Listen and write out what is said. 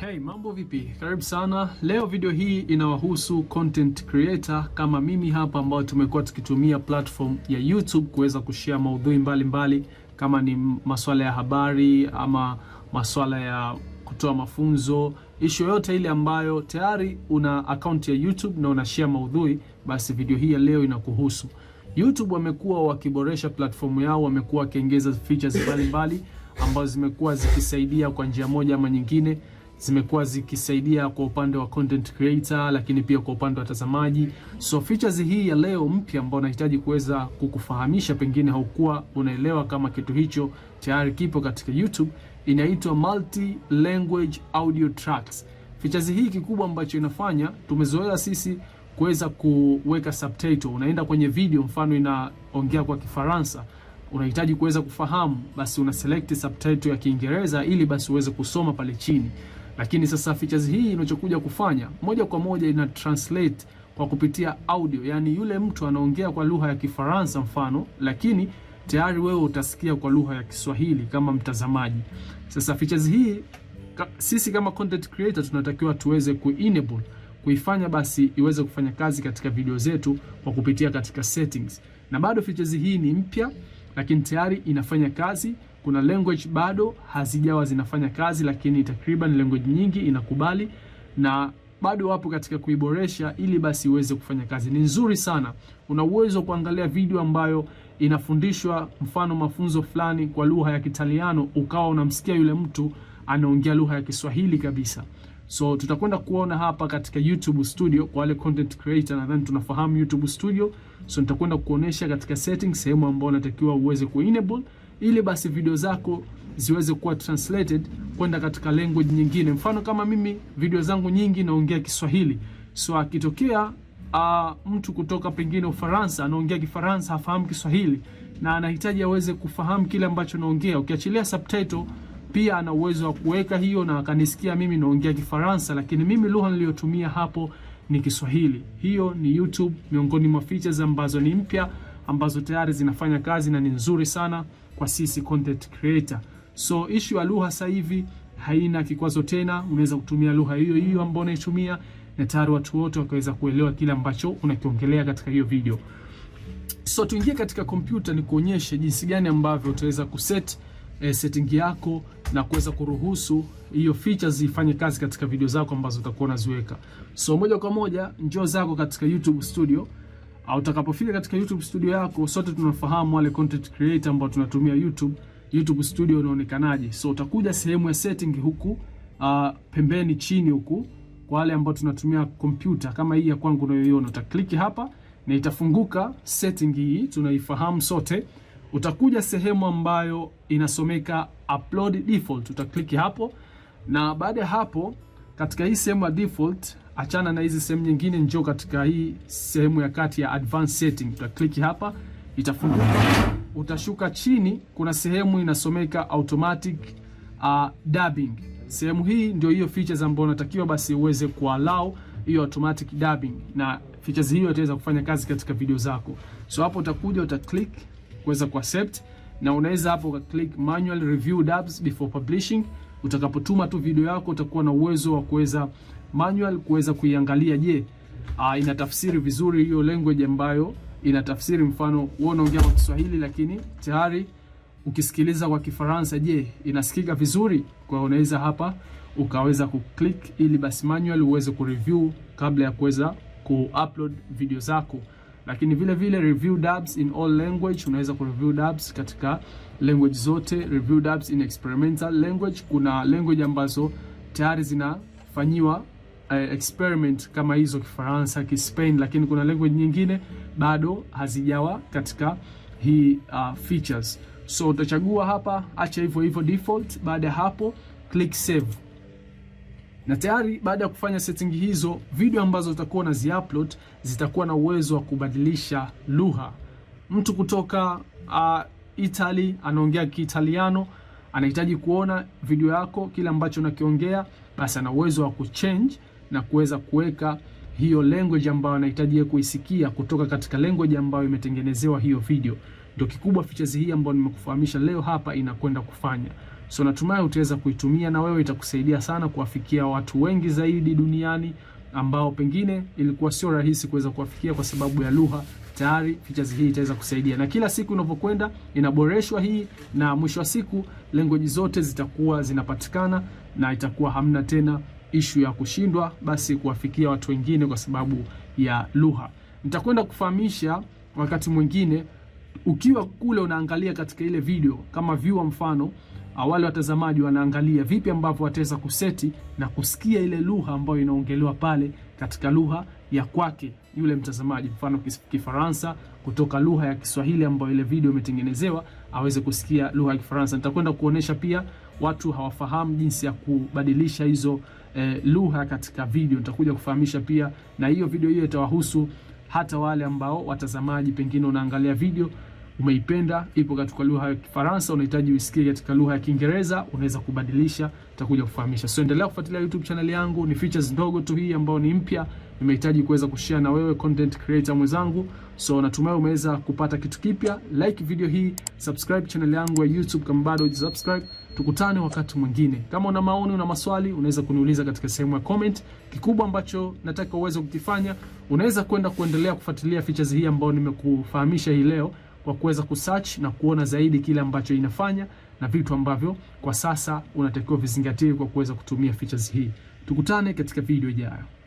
Hey, mambo vipi? Karibu sana. Leo video hii inawahusu content creator kama mimi hapa ambao tumekuwa tukitumia platform ya YouTube kuweza kushare maudhui mbalimbali mbali, kama ni masuala ya habari ama masuala ya kutoa mafunzo, ishu yoyote ile ambayo tayari una account ya YouTube na unashare maudhui, basi video hii ya leo inakuhusu. YouTube wamekuwa wakiboresha platform yao, wamekuwa wakiongeza features mbalimbali ambazo zimekuwa zikisaidia kwa njia moja ama nyingine zimekuwa zikisaidia kwa upande wa content creator, lakini pia kwa upande wa watazamaji. So features hii ya leo mpya ambayo nahitaji kuweza kukufahamisha, pengine haukuwa unaelewa kama kitu hicho tayari kipo katika YouTube, inaitwa multi language audio tracks. Features hii kikubwa ambacho inafanya, tumezoea sisi kuweza kuweka subtitle. Unaenda kwenye video, mfano inaongea kwa Kifaransa unahitaji kuweza kufahamu, basi una select subtitle ya Kiingereza ili basi uweze kusoma pale chini. Lakini sasa features hii inachokuja kufanya moja kwa moja ina translate kwa kupitia audio, yaani yule mtu anaongea kwa lugha ya Kifaransa mfano, lakini tayari wewe utasikia kwa lugha ya Kiswahili kama mtazamaji. Sasa features hii ka, sisi kama content creator tunatakiwa tuweze ku-enable kuifanya basi iweze kufanya kazi katika video zetu kwa kupitia katika settings, na bado features hii ni mpya, lakini tayari inafanya kazi kuna language bado hazijawa zinafanya kazi, lakini takriban language nyingi inakubali na bado wapo katika kuiboresha ili basi iweze kufanya kazi. Ni nzuri sana. Una uwezo wa kuangalia video ambayo inafundishwa, mfano mafunzo fulani kwa lugha ya Kitaliano, ukawa unamsikia yule mtu anaongea lugha ya Kiswahili kabisa. So tutakwenda kuona hapa katika YouTube Studio kwa wale content creator, nadhani tunafahamu YouTube Studio. So nitakwenda kuonesha katika settings sehemu ambayo unatakiwa uweze kuenable ili basi video zako ziweze kuwa translated kwenda katika language nyingine. Mfano kama mimi video zangu nyingi naongea Kiswahili, so akitokea uh, mtu kutoka pengine Ufaransa anaongea Kifaransa hafahamu Kiswahili na anahitaji aweze kufahamu kile ambacho naongea, ukiachilia subtitle pia ana uwezo wa kuweka hiyo na akanisikia mimi naongea Kifaransa, lakini mimi lugha niliyotumia hapo ni Kiswahili. Hiyo ni YouTube miongoni mwa features ambazo ni mpya ambazo tayari zinafanya kazi na ni nzuri sana kwa sisi content creator. So issue ya lugha sasa hivi haina kikwazo tena, unaweza kutumia lugha hiyo hiyo ambayo unaitumia na tayari watu wote wakaweza kuelewa kile ambacho unakiongelea katika hiyo video. So tuingie katika kompyuta ni kuonyeshe jinsi gani ambavyo utaweza kuset e, setting yako na kuweza kuruhusu hiyo features ifanye kazi katika video zako ambazo utakuwa unaziweka. So moja kwa moja njoo zako katika YouTube Studio. Utakapofika katika YouTube studio yako, sote tunafahamu wale content creator ambao tunatumia YouTube, YouTube studio inaonekanaje? So utakuja sehemu ya setting huku uh, pembeni chini huku kwa wale ambao tunatumia kompyuta kama hii ya kwangu unayoiona, utakliki hapa na itafunguka setting hii tunaifahamu sote. Utakuja sehemu ambayo inasomeka upload default, utakliki hapo, na baada ya hapo katika hii sehemu ya default achana na hizi sehemu nyingine, njoo katika hii sehemu ya kati ya advanced setting, Tuta click hapa, itafunguka. Utashuka chini, kuna sehemu inasomeka automatic uh, dubbing. Sehemu hii ndio hiyo features ambayo unatakiwa basi uweze kuallow hiyo automatic dubbing, na features hiyo itaweza kufanya kazi katika video zako. So hapo utakuja uta click kuweza kuaccept, na unaweza hapo click manual review dubs before publishing utakapotuma tu video yako utakuwa na uwezo wa kuweza manual kuweza kuiangalia, je, ina ah, inatafsiri vizuri hiyo language ambayo inatafsiri. Mfano wewe unaongea kwa Kiswahili lakini tayari ukisikiliza kwa Kifaransa, je, inasikika vizuri? Kwa unaweza hapa ukaweza kuclick ili basi manual uweze kureview kabla ya kuweza kuupload video zako lakini vile vile review dubs in all language, unaweza ku review dubs katika language zote, review dubs in experimental language. Kuna language ambazo tayari zinafanyiwa eh, experiment kama hizo, Kifaransa, Kispain, lakini kuna language nyingine bado hazijawa katika hii uh, features. So utachagua hapa, acha hivyo hivyo default. Baada ya hapo click save na tayari baada ya kufanya setting hizo, video ambazo utakuwa unaziupload zitakuwa na uwezo wa kubadilisha lugha. Mtu kutoka uh, Italy anaongea Kiitaliano, anahitaji kuona video yako, kile ambacho unakiongea, basi ana uwezo wa kuchange na kuweza kuweka hiyo language ambayo anahitaji kuisikia kutoka katika language ambayo imetengenezewa hiyo video. Ndio kikubwa features hii ambayo nimekufahamisha leo hapa inakwenda kufanya. So natumai utaweza kuitumia na wewe, itakusaidia sana kuwafikia watu wengi zaidi duniani ambao pengine ilikuwa sio rahisi kuweza kuwafikia kwa sababu ya lugha. Tayari features hii itaweza kusaidia, na kila siku inavyokwenda inaboreshwa hii, na mwisho wa siku language zote zitakuwa zinapatikana na itakuwa hamna tena ishu ya kushindwa basi kuwafikia watu wengine kwa sababu ya lugha. Nitakwenda kufahamisha wakati mwingine, ukiwa kule unaangalia katika ile video kama viewer mfano wale watazamaji wanaangalia vipi ambavyo wataweza kuseti na kusikia ile lugha ambayo inaongelewa pale katika lugha ya kwake yule mtazamaji, mfano Kifaransa kutoka lugha ya Kiswahili ambayo ile video imetengenezewa aweze kusikia lugha ya Kifaransa. Nitakwenda kuonesha pia watu hawafahamu jinsi ya kubadilisha hizo e, lugha katika video. Nitakuja kufahamisha pia, na hiyo video hiyo itawahusu hata wale ambao watazamaji, pengine unaangalia video umeipenda, ipo katika lugha ya Kifaransa, unahitaji usikie katika lugha ya Kiingereza, unaweza kubadilisha, nitakuja kufahamisha. So endelea kufuatilia YouTube channel yangu, ni features ndogo tu hii ambayo ni mpya, nimehitaji kuweza kushare na wewe content creator mwenzangu. So natumai umeweza kupata kitu kipya. Like video hii, subscribe channel yangu ya YouTube kama bado hujasubscribe. Tukutane wakati mwingine. Kama una maoni, una maswali, unaweza kuniuliza katika sehemu ya comment. Kikubwa ambacho nataka uweze kukifanya, unaweza kwenda kuendelea kufuatilia features hii ambayo nimekufahamisha hii leo wa kuweza kusearch na kuona zaidi kile ambacho inafanya na vitu ambavyo kwa sasa unatakiwa vizingatie kwa kuweza kutumia features hii. Tukutane katika video ijayo.